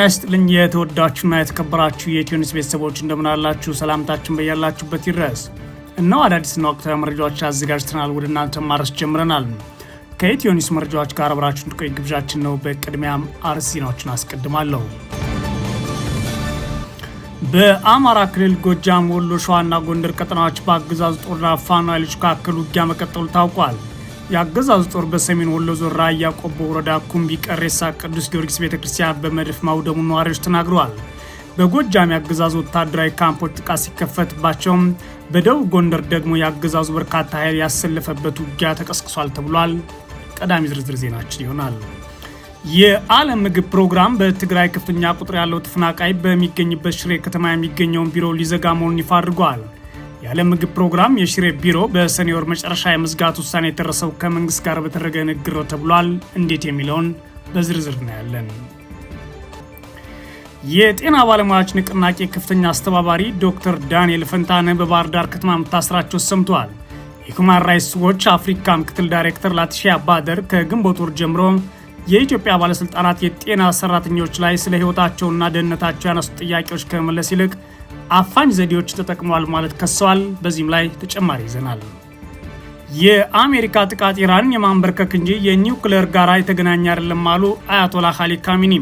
ጤና ይስጥልኝ የተወዳችሁና የተከበራችሁ የኢትዮኒስ ቤተሰቦች እንደምናላችሁ ሰላምታችን በያላችሁበት ይድረስ። እናው አዳዲስና ወቅታዊ መረጃዎች አዘጋጅተናል ወደ እናንተ ማድረስ ጀምረናል። ከኢትዮኒስ መረጃዎች ጋር አብራችሁ እንድትቆዩ ግብዣችን ነው። በቅድሚያም አርዕስተ ዜናዎችን አስቀድማለሁ። በአማራ ክልል ጎጃም፣ ወሎ፣ ሸዋና ጎንደር ቀጠናዎች በአገዛዙ ጦርና ፋኖ ኃይሎች መካከል ውጊያ መቀጠሉ ታውቋል። የአገዛዙ ጦር በሰሜን ወሎ ዞን ራያ ቆቦ ወረዳ ኩምቢ ቀሬሳ ቅዱስ ጊዮርጊስ ቤተ ክርስቲያን በመድፍ ማውደሙ ነዋሪዎች ተናግረዋል። በጎጃም የአገዛዙ ወታደራዊ ካምፖች ጥቃት ሲከፈትባቸውም፣ በደቡብ ጎንደር ደግሞ የአገዛዙ በርካታ ኃይል ያሰለፈበት ውጊያ ተቀስቅሷል ተብሏል። ቀዳሚ ዝርዝር ዜናችን ይሆናል። የዓለም ምግብ ፕሮግራም በትግራይ ከፍተኛ ቁጥር ያለው ተፈናቃይ በሚገኝበት ሽሬ ከተማ የሚገኘውን ቢሮ ሊዘጋ መሆኑን ይፋ አድርጓል። የዓለም ምግብ ፕሮግራም የሽሬ ቢሮ በሰኔ ወር መጨረሻ የመዝጋት ውሳኔ የተረሰው ከመንግስት ጋር በተደረገ ንግግር ተብሏል። እንዴት የሚለውን በዝርዝር እናያለን። የጤና ባለሙያዎች ንቅናቄ ከፍተኛ አስተባባሪ ዶክተር ዳንኤል ፈንታነ በባህር ዳር ከተማ መታሰራቸው ሰምተዋል። የሁማን ራይትስ ዎች አፍሪካ ምክትል ዳይሬክተር ላቲሺያ ባደር ከግንቦት ወር ጀምሮ የኢትዮጵያ ባለሥልጣናት የጤና ሰራተኞች ላይ ስለ ሕይወታቸውና ደህንነታቸው ያነሱ ጥያቄዎች ከመመለስ ይልቅ አፋኝ ዘዴዎች ተጠቅመዋል ማለት ከሰዋል። በዚህም ላይ ተጨማሪ ይዘናል። የአሜሪካ ጥቃት ኢራንን የማንበርከክ እንጂ የኒውክሌር ጋራ የተገናኘ አይደለም አሉ አያቶላ ሀሊ ካሚኒ።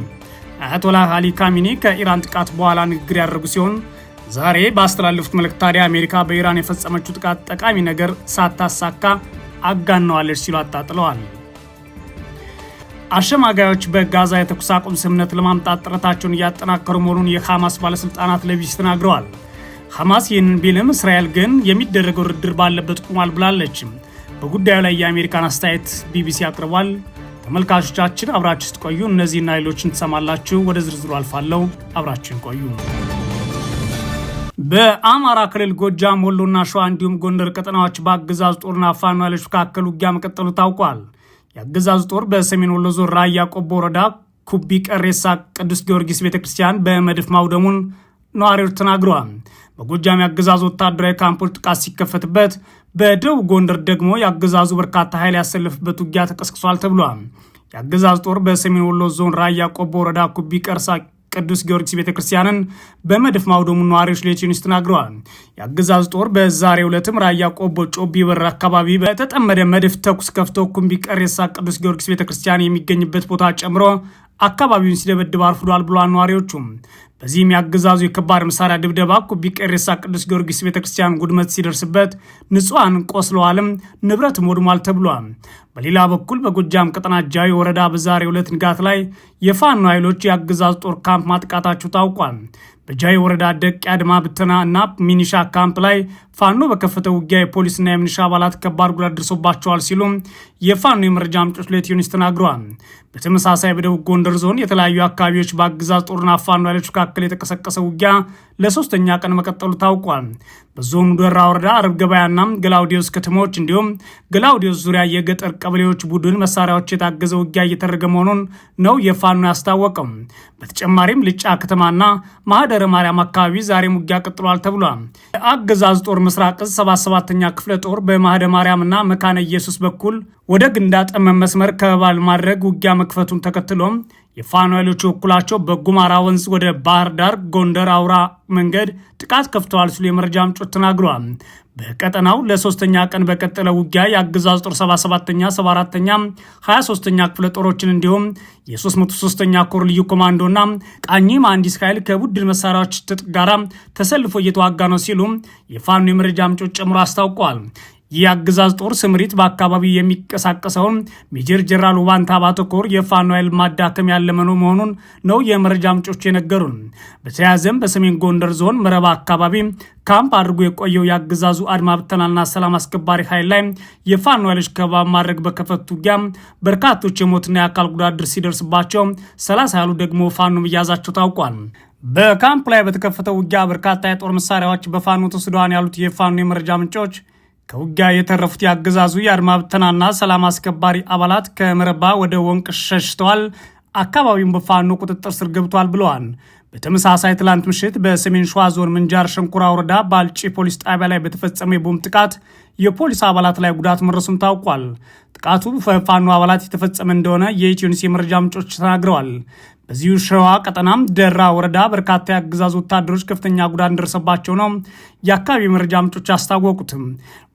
አያቶላ ሀሊ ካሚኒ ከኢራን ጥቃት በኋላ ንግግር ያደረጉ ሲሆን ዛሬ በአስተላለፉት መልእክት ታዲያ አሜሪካ በኢራን የፈጸመችው ጥቃት ጠቃሚ ነገር ሳታሳካ አጋነዋለች ሲሉ አጣጥለዋል። አሸማጋዮች በጋዛ የተኩስ አቁም ስምምነት ለማምጣት ጥረታቸውን እያጠናከሩ መሆኑን የሐማስ ባለሥልጣናት ለቢቢሲ ተናግረዋል። ሐማስ ይህንን ቢልም እስራኤል ግን የሚደረገው ድርድር ባለበት ቁሟል ብላለች። በጉዳዩ ላይ የአሜሪካን አስተያየት ቢቢሲ አቅርቧል። ተመልካቾቻችን አብራችሁ ስትቆዩ እነዚህና ሌሎችን ትሰማላችሁ። ወደ ዝርዝሩ አልፋለሁ። አብራችሁን ቆዩ። በአማራ ክልል ጎጃም፣ ወሎና ሸዋ እንዲሁም ጎንደር ቀጠናዎች በአገዛዙ ጦርና ፋኖ ኃይሎች መካከል ውጊያ መቀጠሉ ታውቋል። የአገዛዙ ጦር በሰሜን ወሎ ዞን ራያ ቆቦ ወረዳ ኩቢ ቀሬሳ ቅዱስ ጊዮርጊስ ቤተ ክርስቲያን በመድፍ ማውደሙን ነዋሪዎች ተናግረዋል። በጎጃም የአገዛዙ ወታደራዊ ካምፖች ጥቃት ሲከፈትበት፣ በደቡብ ጎንደር ደግሞ የአገዛዙ በርካታ ኃይል ያሰለፍበት ውጊያ ተቀስቅሷል ተብሏል። የአገዛዙ ጦር በሰሜን ወሎ ዞን ራያ ቆቦ ወረዳ ኩቢ ቀርሳ ቅዱስ ጊዮርጊስ ቤተ ክርስቲያንን በመድፍ ማውደሙ ነዋሪዎች ለኢትዮ ኒውስ ተናግረዋል። የአገዛዝ ጦር በዛሬው ዕለትም ራያ ቆቦ ጮቢ በር አካባቢ በተጠመደ መድፍ ተኩስ ከፍቶ ኩምቢ ቀሬሳ ቅዱስ ጊዮርጊስ ቤተ ክርስቲያን የሚገኝበት ቦታ ጨምሮ አካባቢውን ሲደበድብ አርፍዷል ብሏል ነዋሪዎቹም። በዚህም የአገዛዙ የከባድ መሳሪያ ድብደባ ኩቢ ቀሬሳ ቅዱስ ጊዮርጊስ ቤተክርስቲያን ጉድመት ሲደርስበት ንጹሐን ቆስለዋልም፣ ንብረት ወድሟል ተብሏል። በሌላ በኩል በጎጃም ቀጠና ጃዊ ወረዳ በዛሬ ሁለት ንጋት ላይ የፋኖ ኃይሎች የአገዛዙ ጦር ካምፕ ማጥቃታቸው ታውቋል። በጃይ ወረዳ ደቅ አድማ ብተና እና ሚኒሻ ካምፕ ላይ ፋኖ በከፈተው ውጊያ የፖሊስና የሚኒሻ አባላት ከባድ ጉዳት ደርሶባቸዋል ሲሉ የፋኖ የመረጃ ምንጮች ለኢትዮኒውስ ተናግረዋል። በተመሳሳይ በደቡብ ጎንደር ዞን የተለያዩ አካባቢዎች በአገዛዝ ጦርና ፋኖ ኃይሎች መካከል የተቀሰቀሰ ውጊያ ለሶስተኛ ቀን መቀጠሉ ታውቋል። በዞኑ ደራ ወረዳ አረብ ገበያና ገላውዲዮስ ከተሞች እንዲሁም ገላውዲዮስ ዙሪያ የገጠር ቀበሌዎች ቡድን መሳሪያዎች የታገዘ ውጊያ እየተደረገ መሆኑን ነው የፋኖ ያስታወቀው። በተጨማሪም ልጫ ከተማና ማህደ ሀረር ማርያም አካባቢ ዛሬም ውጊያ ቀጥሏል ተብሏል። የአገዛዝ ጦር ምስራቅ ዕዝ 77ኛ ክፍለ ጦር በማህደ ማርያምና መካነ ኢየሱስ በኩል ወደ ግንዳ ጠመም መስመር ከበባ ለማድረግ ውጊያ መክፈቱን ተከትሎም የፋኖ ኃይሎች በኩላቸው በጉማራ ወንዝ ወደ ባህር ዳር ጎንደር አውራ መንገድ ጥቃት ከፍተዋል ሲሉ የመረጃ ምንጮች ተናግረዋል። በቀጠናው ለሶስተኛ ቀን በቀጠለ ውጊያ የአገዛዝ ጦር 77ኛ፣ 74ኛ፣ 23ኛ ክፍለ ጦሮችን እንዲሁም የ303ኛ ኮር ልዩ ኮማንዶና ቃኝም አንድ ኃይል ከቡድን መሳሪያዎች ትጥቅ ጋራ ተሰልፎ እየተዋጋ ነው ሲሉ የፋኖ የመረጃ ምንጮች ጨምሮ አስታውቀዋል። ይህ አገዛዝ ጦር ስምሪት በአካባቢው የሚንቀሳቀሰውን ሜጀር ጀነራል ውባንታ ባተኮር የፋኖ ኃይል ማዳከም ያለመኖ መሆኑን ነው የመረጃ ምንጮች የነገሩን። በተያያዘም በሰሜን ጎንደር ዞን መረባ አካባቢ ካምፕ አድርጎ የቆየው የአገዛዙ አድማ ብተናና ሰላም አስከባሪ ኃይል ላይ የፋኖ ኃይሎች ከበባ ማድረግ በከፈቱ ውጊያ በርካቶች የሞትና የአካል ጉዳት ሲደርስባቸው ሰላሳ ያሉ ደግሞ ፋኖ መያዛቸው ታውቋል። በካምፕ ላይ በተከፈተው ውጊያ በርካታ የጦር መሳሪያዎች በፋኖ ተወስደዋል ያሉት የፋኖ የመረጃ ምንጮች ከውጊያ የተረፉት የአገዛዙ የአድማ ብተናና ሰላም አስከባሪ አባላት ከምረባ ወደ ወንቅ ሸሽተዋል፣ አካባቢውን በፋኖ ቁጥጥር ስር ገብቷል ብለዋል። በተመሳሳይ ትላንት ምሽት በሰሜን ሸዋ ዞን ምንጃር ሸንኮራ ወረዳ ባልጪ ፖሊስ ጣቢያ ላይ በተፈጸመ የቦምብ ጥቃት የፖሊስ አባላት ላይ ጉዳት መድረሱም ታውቋል። ጥቃቱ በፋኖ አባላት የተፈጸመ እንደሆነ የኢትዮኒስ የመረጃ ምንጮች ተናግረዋል። በዚሁ ሸዋ ቀጠናም ደራ ወረዳ በርካታ የአገዛዙ ወታደሮች ከፍተኛ ጉዳት እንደደረሰባቸው ነው የአካባቢ መረጃ ምንጮች አስታወቁትም።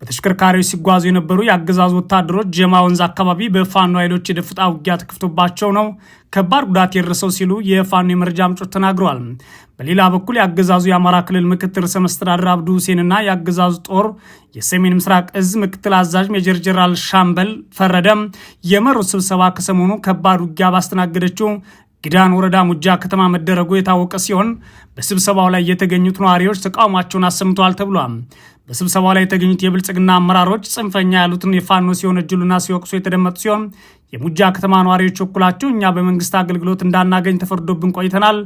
በተሽከርካሪዎች ሲጓዙ የነበሩ የአገዛዙ ወታደሮች ጀማ ወንዝ አካባቢ በፋኖ ኃይሎች የደፍጣ ውጊያ ተከፍቶባቸው ነው ከባድ ጉዳት የደረሰው ሲሉ የፋኖ የመረጃ ምንጮች ተናግረዋል። በሌላ በኩል የአገዛዙ የአማራ ክልል ምክትል ርዕሰ መስተዳድር አብዱ ሁሴንና የአገዛዙ ጦር የሰሜን ምስራቅ እዝ ምክትል አዛዥ ሜጀር ጀነራል ሻምበል ፈረደም የመሩት ስብሰባ ከሰሞኑ ከባድ ውጊያ ባስተናገደችው ግዳን ወረዳ ሙጃ ከተማ መደረጉ የታወቀ ሲሆን በስብሰባው ላይ የተገኙት ነዋሪዎች ተቃውሟቸውን አሰምተዋል ተብሏል። በስብሰባው ላይ የተገኙት የብልጽግና አመራሮች ጽንፈኛ ያሉትን የፋኖ እጅሉና ሲወቅሱ የተደመጡ ሲሆን የሙጃ ከተማ ነዋሪዎች በኩላቸው እኛ በመንግስት አገልግሎት እንዳናገኝ ተፈርዶብን ቆይተናል፣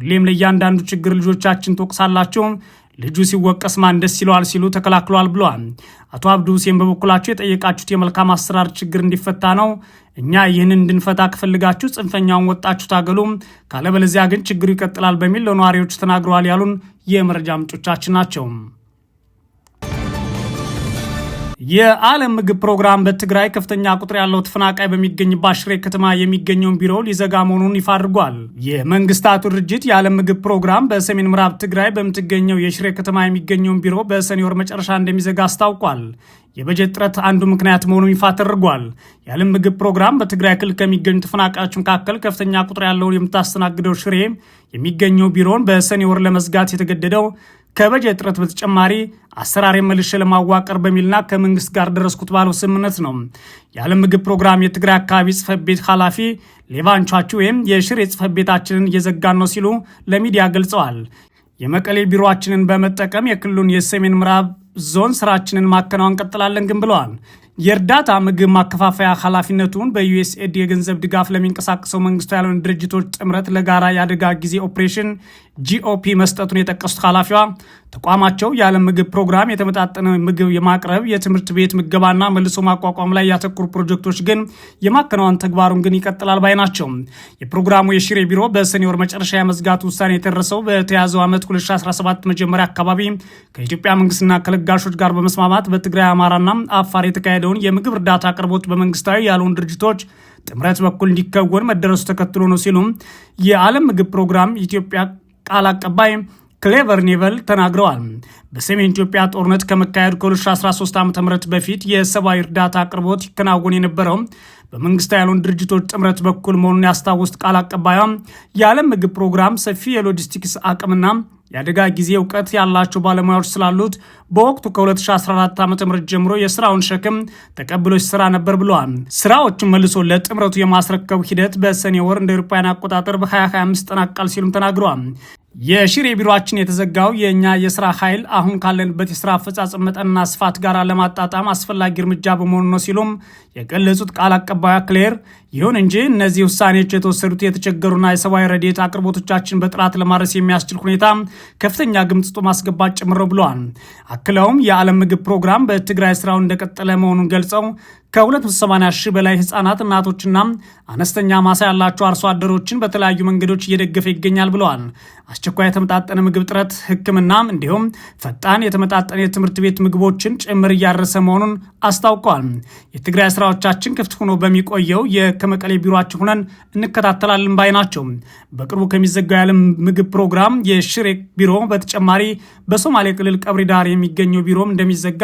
ሁሌም ለእያንዳንዱ ችግር ልጆቻችን ትወቅሳላቸው፣ ልጁ ሲወቀስ ማን ደስ ይለዋል ሲሉ ተከላክሏል ብለዋል። አቶ አብዱ ሁሴን በበኩላቸው የጠየቃችሁት የመልካም አሰራር ችግር እንዲፈታ ነው። እኛ ይህን እንድንፈታ ከፈልጋችሁ ጽንፈኛውን ወጣችሁ ታገሉ፣ ካለበለዚያ ግን ችግሩ ይቀጥላል በሚል ለነዋሪዎች ተናግረዋል ያሉን የመረጃ ምንጮቻችን ናቸው። የዓለም ምግብ ፕሮግራም በትግራይ ከፍተኛ ቁጥር ያለው ተፈናቃይ በሚገኝባት ሽሬ ከተማ የሚገኘውን ቢሮ ሊዘጋ መሆኑን ይፋ አድርጓል። የመንግስታቱ ድርጅት የዓለም ምግብ ፕሮግራም በሰሜን ምዕራብ ትግራይ በምትገኘው የሽሬ ከተማ የሚገኘውን ቢሮ በሰኔ ወር መጨረሻ እንደሚዘጋ አስታውቋል። የበጀት ጥረት አንዱ ምክንያት መሆኑን ይፋ ተደርጓል። የዓለም ምግብ ፕሮግራም በትግራይ ክልል ከሚገኙ ተፈናቃዮች መካከል ከፍተኛ ቁጥር ያለውን የምታስተናግደው ሽሬ የሚገኘው ቢሮን በሰኔ ወር ለመዝጋት የተገደደው ከበጀት እጥረት በተጨማሪ አሰራር መልሼ ለማዋቀር በሚልና ከመንግስት ጋር ደረስኩት ባለው ስምምነት ነው። የዓለም ምግብ ፕሮግራም የትግራይ አካባቢ ጽህፈት ቤት ኃላፊ ሌቫንቻችሁ ወይም የሽሬ ጽህፈት ቤታችንን እየዘጋን ነው ሲሉ ለሚዲያ ገልጸዋል። የመቀሌ ቢሮችንን በመጠቀም የክልሉን የሰሜን ምዕራብ ዞን ስራችንን ማከናወን ቀጥላለን ግን ብለዋል። የእርዳታ ምግብ ማከፋፈያ ኃላፊነቱን በዩኤስኤድ የገንዘብ ድጋፍ ለሚንቀሳቀሰው መንግስቱ ያልሆኑ ድርጅቶች ጥምረት ለጋራ የአደጋ ጊዜ ኦፕሬሽን ጂኦፒ መስጠቱን የጠቀሱት ኃላፊዋ ተቋማቸው የዓለም ምግብ ፕሮግራም የተመጣጠነ ምግብ የማቅረብ የትምህርት ቤት ምገባና መልሶ ማቋቋም ላይ ያተኩሩ ፕሮጀክቶች ግን የማከናወን ተግባሩን ግን ይቀጥላል ባይ ናቸው። የፕሮግራሙ የሽሬ ቢሮ በሰኔ ወር መጨረሻ የመዝጋት ውሳኔ የተደረሰው በተያዘው ዓመት 2017 መጀመሪያ አካባቢ ከኢትዮጵያ መንግስትና ከለጋሾች ጋር በመስማማት በትግራይ አማራና አፋር የተካሄደውን የምግብ እርዳታ አቅርቦት በመንግስታዊ ያልሆኑ ድርጅቶች ጥምረት በኩል እንዲከወን መደረሱ ተከትሎ ነው ሲሉም የዓለም ምግብ ፕሮግራም ኢትዮጵያ ቃል አቀባይ ክሌቨር ኒቨል ተናግረዋል። በሰሜን ኢትዮጵያ ጦርነት ከመካሄድ ከ2013 ዓ ም በፊት የሰብአዊ እርዳታ አቅርቦት ይከናወን የነበረው በመንግስት ያሉን ድርጅቶች ጥምረት በኩል መሆኑን ያስታወሱት ቃል አቀባዩ የዓለም ምግብ ፕሮግራም ሰፊ የሎጂስቲክስ አቅምና የአደጋ ጊዜ እውቀት ያላቸው ባለሙያዎች ስላሉት በወቅቱ ከ2014 ዓ ም ጀምሮ የስራውን ሸክም ተቀብሎ ሲሰራ ነበር ብለዋል። ስራዎችን መልሶ ለጥምረቱ የማስረከቡ ሂደት በሰኔ ወር እንደ አውሮፓውያን አቆጣጠር በ2025 ጠናቃል ሲሉም ተናግረዋል። የሽሬ ቢሮችን የተዘጋው የእኛ የስራ ኃይል አሁን ካለንበት የስራ አፈጻጸም መጠንና ስፋት ጋር ለማጣጣም አስፈላጊ እርምጃ በመሆኑ ነው ሲሉም የገለጹት ቃል አቀባዩ ክሌር፣ ይሁን እንጂ እነዚህ ውሳኔዎች የተወሰዱት የተቸገሩና የሰብአዊ ረድኤት አቅርቦቶቻችን በጥራት ለማድረስ የሚያስችል ሁኔታ ከፍተኛ ግምጽጡ ማስገባት ጭምረው ብለዋል። አክለውም የዓለም ምግብ ፕሮግራም በትግራይ ስራውን እንደቀጠለ መሆኑን ገልጸው ከ280 ሺህ በላይ ህጻናት እናቶችና አነስተኛ ማሳ ያላቸው አርሶ አደሮችን በተለያዩ መንገዶች እየደገፈ ይገኛል ብለዋል። አስቸኳይ የተመጣጠነ ምግብ ጥረት ሕክምና እንዲሁም ፈጣን የተመጣጠነ የትምህርት ቤት ምግቦችን ጭምር እያደረሰ መሆኑን አስታውቋል። የትግራይ ስራዎቻችን ክፍት ሆኖ በሚቆየው የከመቀሌ ቢሮችን ሆነን እንከታተላለን ባይ ናቸው። በቅርቡ ከሚዘጋው የዓለም ምግብ ፕሮግራም የሽሬ ቢሮ በተጨማሪ በሶማሌ ክልል ቀብሪ ዳር የሚገኘው ቢሮም እንደሚዘጋ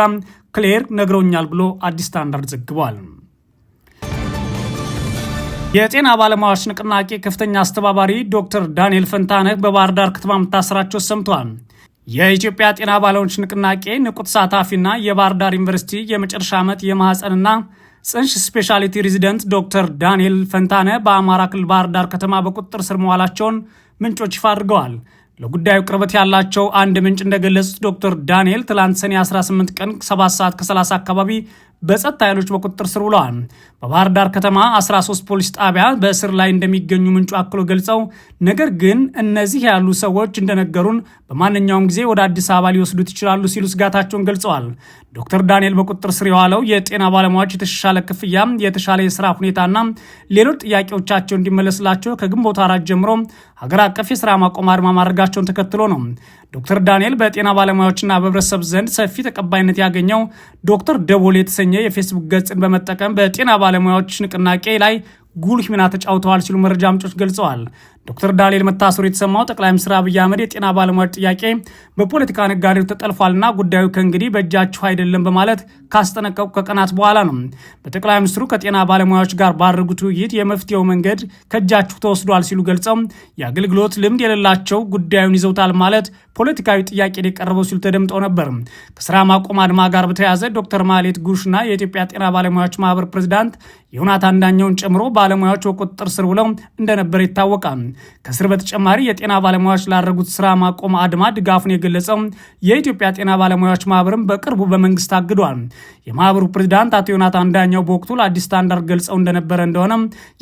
ክሌር ነግረውኛል ብሎ አዲስ ስታንዳርድ ዘግቧል። የጤና ባለሙያዎች ንቅናቄ ከፍተኛ አስተባባሪ ዶክተር ዳንኤል ፈንታነህ በባህር ዳር ከተማ መታሰራቸው ሰምተዋል። የኢትዮጵያ ጤና ባለሙያዎች ንቅናቄ ንቁ ተሳታፊና የባህር ዳር ዩኒቨርሲቲ የመጨረሻ ዓመት የማህፀንና ጽንሽ ስፔሻሊቲ ሬዚደንት ዶክተር ዳንኤል ፈንታነ በአማራ ክልል ባህር ዳር ከተማ በቁጥጥር ስር መዋላቸውን ምንጮች ይፋ አድርገዋል። ለጉዳዩ ቅርበት ያላቸው አንድ ምንጭ እንደገለጹት ዶክተር ዳንኤል ትላንት ሰኔ 18 ቀን 7 ሰዓት ከ30 አካባቢ በጸጥታ ኃይሎች በቁጥጥር ስር ውለዋል። በባህር ዳር ከተማ 13 ፖሊስ ጣቢያ በእስር ላይ እንደሚገኙ ምንጩ አክሎ ገልጸው፣ ነገር ግን እነዚህ ያሉ ሰዎች እንደነገሩን በማንኛውም ጊዜ ወደ አዲስ አበባ ሊወስዱት ይችላሉ ሲሉ ስጋታቸውን ገልጸዋል። ዶክተር ዳንኤል በቁጥጥር ስር የዋለው የጤና ባለሙያዎች የተሻለ ክፍያ፣ የተሻለ የስራ ሁኔታና ሌሎች ጥያቄዎቻቸው እንዲመለስላቸው ከግንቦት አራት ጀምሮ ሀገር አቀፍ የስራ ማቆም አድማ ማድረጋቸውን ተከትሎ ነው። ዶክተር ዳንኤል በጤና ባለሙያዎችና በህብረተሰብ ዘንድ ሰፊ ተቀባይነት ያገኘው ዶክተር ደቦል የተሰኘ የፌስቡክ ገጽን በመጠቀም በጤና ባለሙያዎች ንቅናቄ ላይ ጉልህ ሚና ተጫውተዋል ሲሉ መረጃ ምንጮች ገልጸዋል። ዶክተር ዳንኤል መታሰሩ የተሰማው ጠቅላይ ሚኒስትር አብይ አህመድ የጤና ባለሙያዎች ጥያቄ በፖለቲካ ነጋዴዎች ተጠልፏልና ጉዳዩ ከእንግዲህ በእጃችሁ አይደለም በማለት ካስጠነቀቁ ከቀናት በኋላ ነው። በጠቅላይ ሚኒስትሩ ከጤና ባለሙያዎች ጋር ባደረጉት ውይይት የመፍትሄው መንገድ ከእጃችሁ ተወስዷል ሲሉ ገልጸው የአገልግሎት ልምድ የሌላቸው ጉዳዩን ይዘውታል ማለት ፖለቲካዊ ጥያቄ የቀረበው ሲሉ ተደምጠው ነበር። ከስራ ማቆም አድማ ጋር በተያያዘ ዶክተር ማሌት ጉሽና የኢትዮጵያ ጤና ባለሙያዎች ማህበር ፕሬዚዳንት ዮናታን ዳኛውን ጨምሮ ባለሙያዎች በቁጥጥር ስር ውለው እንደነበር ይታወቃል። ከስር በተጨማሪ የጤና ባለሙያዎች ላደረጉት ስራ ማቆም አድማ ድጋፉን የገለጸው የኢትዮጵያ ጤና ባለሙያዎች ማህበርም በቅርቡ በመንግስት አግዷል። የማህበሩ ፕሬዚዳንት አቶ ዮናታን ዳኛው በወቅቱ ለአዲስ ስታንዳርድ ገልጸው እንደነበረ እንደሆነ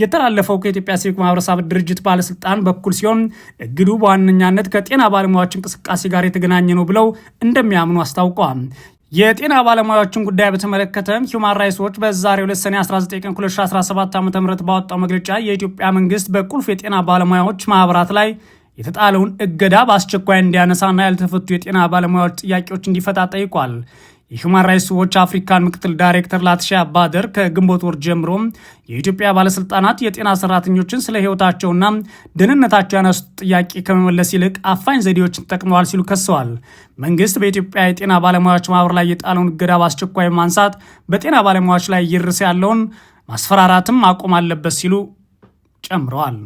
የተላለፈው ከኢትዮጵያ ሲቪክ ማህበረሰብ ድርጅት ባለስልጣን በኩል ሲሆን እግዱ በዋነኛነት ከጤና ባለሙያዎች እንቅስቃሴ ጋር የተገናኘ ነው ብለው እንደሚያምኑ አስታውቀዋል። የጤና ባለሙያዎችን ጉዳይ በተመለከተም ሂውማን ራይትስ ዎች በዛሬው ሰኔ 19 ቀን 2017 ዓ ም ባወጣው መግለጫ የኢትዮጵያ መንግስት በቁልፍ የጤና ባለሙያዎች ማህበራት ላይ የተጣለውን እገዳ በአስቸኳይ እንዲያነሳና ያልተፈቱ የጤና ባለሙያዎች ጥያቄዎች እንዲፈታ ጠይቋል። የሁማን ራይትስ ዎች አፍሪካን ምክትል ዳይሬክተር ላትሻ አባደር ከግንቦት ወር ጀምሮ የኢትዮጵያ ባለስልጣናት የጤና ሰራተኞችን ስለ ህይወታቸውና ደህንነታቸው ያነሱት ጥያቄ ከመመለስ ይልቅ አፋኝ ዘዴዎችን ተጠቅመዋል ሲሉ ከሰዋል። መንግስት በኢትዮጵያ የጤና ባለሙያዎች ማህበር ላይ የጣለውን እገዳ በአስቸኳይ ማንሳት በጤና ባለሙያዎች ላይ እየደረሰ ያለውን ማስፈራራትም ማቆም አለበት ሲሉ ጨምረዋል።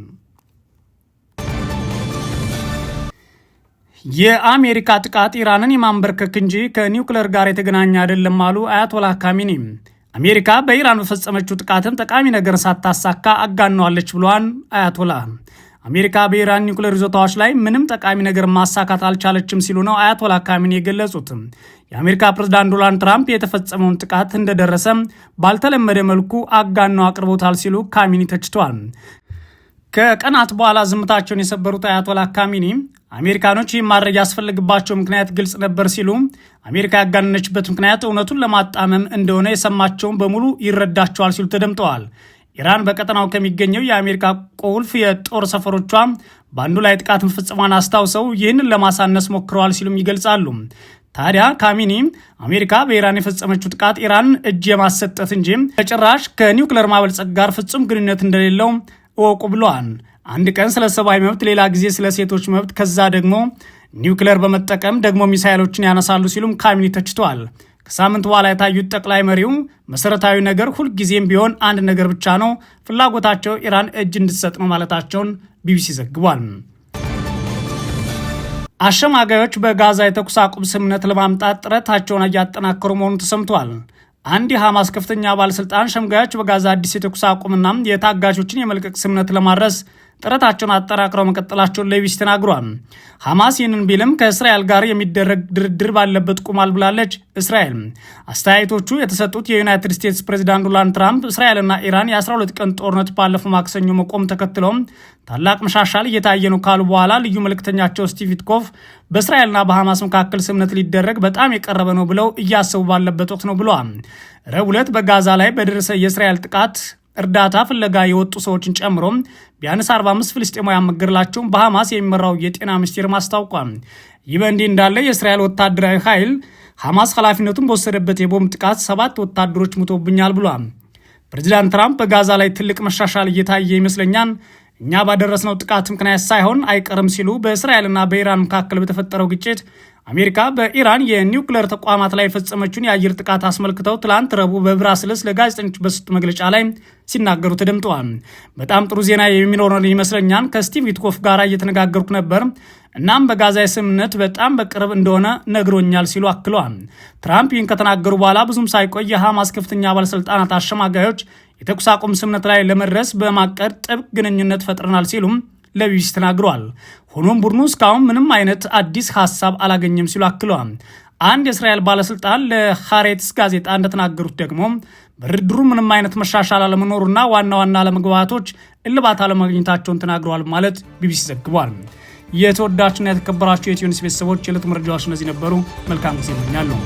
የአሜሪካ ጥቃት ኢራንን የማንበርከክ እንጂ ከኒውክለር ጋር የተገናኘ አይደለም አሉ አያቶላ ካሚኒ። አሜሪካ በኢራን በፈጸመችው ጥቃትም ጠቃሚ ነገር ሳታሳካ አጋነዋለች ብሏን አያቶላ አሜሪካ በኢራን ኒውክሌር ይዞታዎች ላይ ምንም ጠቃሚ ነገር ማሳካት አልቻለችም ሲሉ ነው አያቶላ ካሚኒ የገለጹት። የአሜሪካ ፕሬዝዳንት ዶናልድ ትራምፕ የተፈጸመውን ጥቃት እንደደረሰ ባልተለመደ መልኩ አጋነው አቅርቦታል ሲሉ ካሚኒ ተችተዋል። ከቀናት በኋላ ዝምታቸውን የሰበሩት አያቶላ ካሚኒ አሜሪካኖች ይህም ማድረግ ያስፈልግባቸው ምክንያት ግልጽ ነበር ሲሉ አሜሪካ ያጋነነችበት ምክንያት እውነቱን ለማጣመም እንደሆነ የሰማቸውን በሙሉ ይረዳቸዋል ሲሉ ተደምጠዋል። ኢራን በቀጠናው ከሚገኘው የአሜሪካ ቁልፍ የጦር ሰፈሮቿ በአንዱ ላይ ጥቃት መፈጸሟን አስታውሰው ይህንን ለማሳነስ ሞክረዋል ሲሉም ይገልጻሉ። ታዲያ ካሚኒ አሜሪካ በኢራን የፈጸመችው ጥቃት ኢራን እጅ የማሰጠት እንጂ በጭራሽ ከኒውክለር ማበልጸግ ጋር ፍጹም ግንኙነት እንደሌለው እወቁ ብሏል። አንድ ቀን ስለ ሰብአዊ መብት፣ ሌላ ጊዜ ስለ ሴቶች መብት፣ ከዛ ደግሞ ኒውክሌር በመጠቀም ደግሞ ሚሳይሎችን ያነሳሉ ሲሉም ካሚኒ ተችተዋል። ከሳምንት በኋላ የታዩት ጠቅላይ መሪው መሰረታዊ ነገር ሁልጊዜም ቢሆን አንድ ነገር ብቻ ነው፣ ፍላጎታቸው ኢራን እጅ እንድትሰጥ ነው ማለታቸውን ቢቢሲ ዘግቧል። አሸማጋዮች በጋዛ የተኩስ አቁም ስምምነት ለማምጣት ጥረታቸውን እያጠናከሩ መሆኑ ተሰምቷል። አንድ የሐማስ ከፍተኛ ባለስልጣን ሸምጋዮች በጋዛ አዲስ የተኩስ አቁምና የታጋቾችን የመልቀቅ ስምነት ለማድረስ ጥረታቸውን አጠናክረው መቀጠላቸውን ሌቪስ ተናግሯል። ሐማስ ይህንን ቢልም ከእስራኤል ጋር የሚደረግ ድርድር ባለበት ቁማል ብላለች እስራኤል። አስተያየቶቹ የተሰጡት የዩናይትድ ስቴትስ ፕሬዚዳንት ዶናልድ ትራምፕ እስራኤልና ኢራን የ12 ቀን ጦርነት ባለፈው ማክሰኞ መቆም ተከትለውም ታላቅ መሻሻል እየታየ ነው ካሉ በኋላ ልዩ መልእክተኛቸው ስቲቭ ዊትኮፍ በእስራኤልና በሐማስ መካከል ስምነት ሊደረግ በጣም የቀረበ ነው ብለው እያሰቡ ባለበት ወቅት ነው ብለዋል። ረቡዕ ዕለት በጋዛ ላይ በደረሰ የእስራኤል ጥቃት እርዳታ ፍለጋ የወጡ ሰዎችን ጨምሮ ቢያንስ 45 ፍልስጤማውያን መገደላቸውን በሐማስ የሚመራው የጤና ሚኒስቴር ማስታውቋል። ይህ በእንዲህ እንዳለ የእስራኤል ወታደራዊ ኃይል ሐማስ ኃላፊነቱን በወሰደበት የቦምብ ጥቃት ሰባት ወታደሮች ሙቶብኛል ብሏል። ፕሬዚዳንት ትራምፕ በጋዛ ላይ ትልቅ መሻሻል እየታየ ይመስለኛል እኛ ባደረስነው ጥቃት ምክንያት ሳይሆን አይቀርም ሲሉ በእስራኤልና በኢራን መካከል በተፈጠረው ግጭት አሜሪካ በኢራን የኒውክሌር ተቋማት ላይ የፈጸመችውን የአየር ጥቃት አስመልክተው ትላንት ረቡዕ በብራስልስ ለጋዜጠኞች በሰጡት መግለጫ ላይ ሲናገሩ ተደምጠዋል። በጣም ጥሩ ዜና የሚኖረን ይመስለኛል። ከስቲቭ ዊትኮፍ ጋር እየተነጋገርኩ ነበር እናም በጋዛ የስምምነት በጣም በቅርብ እንደሆነ ነግሮኛል ሲሉ አክለዋል። ትራምፕ ይህን ከተናገሩ በኋላ ብዙም ሳይቆይ የሐማስ ከፍተኛ ባለስልጣናት አሸማጋዮች የተኩስ አቁም ስምምነት ላይ ለመድረስ በማቀድ ጥብቅ ግንኙነት ፈጥረናል ሲሉም ለቢቢሲ ተናግረዋል። ሆኖም ቡድኑ እስካሁን ምንም አይነት አዲስ ሀሳብ አላገኘም ሲሉ አክለዋል። አንድ የእስራኤል ባለስልጣን ለሃሬትስ ጋዜጣ እንደተናገሩት ደግሞ በድርድሩ ምንም አይነት መሻሻል አለመኖሩና ዋና ዋና አለመግባባቶች እልባት አለማግኘታቸውን ተናግረዋል ማለት ቢቢሲ ዘግቧል። የተወዳችና የተከበራቸው የኢትዮ ኒውስ ቤተሰቦች የዕለቱ መረጃዎች እነዚህ ነበሩ። መልካም ጊዜ እመኛለሁ።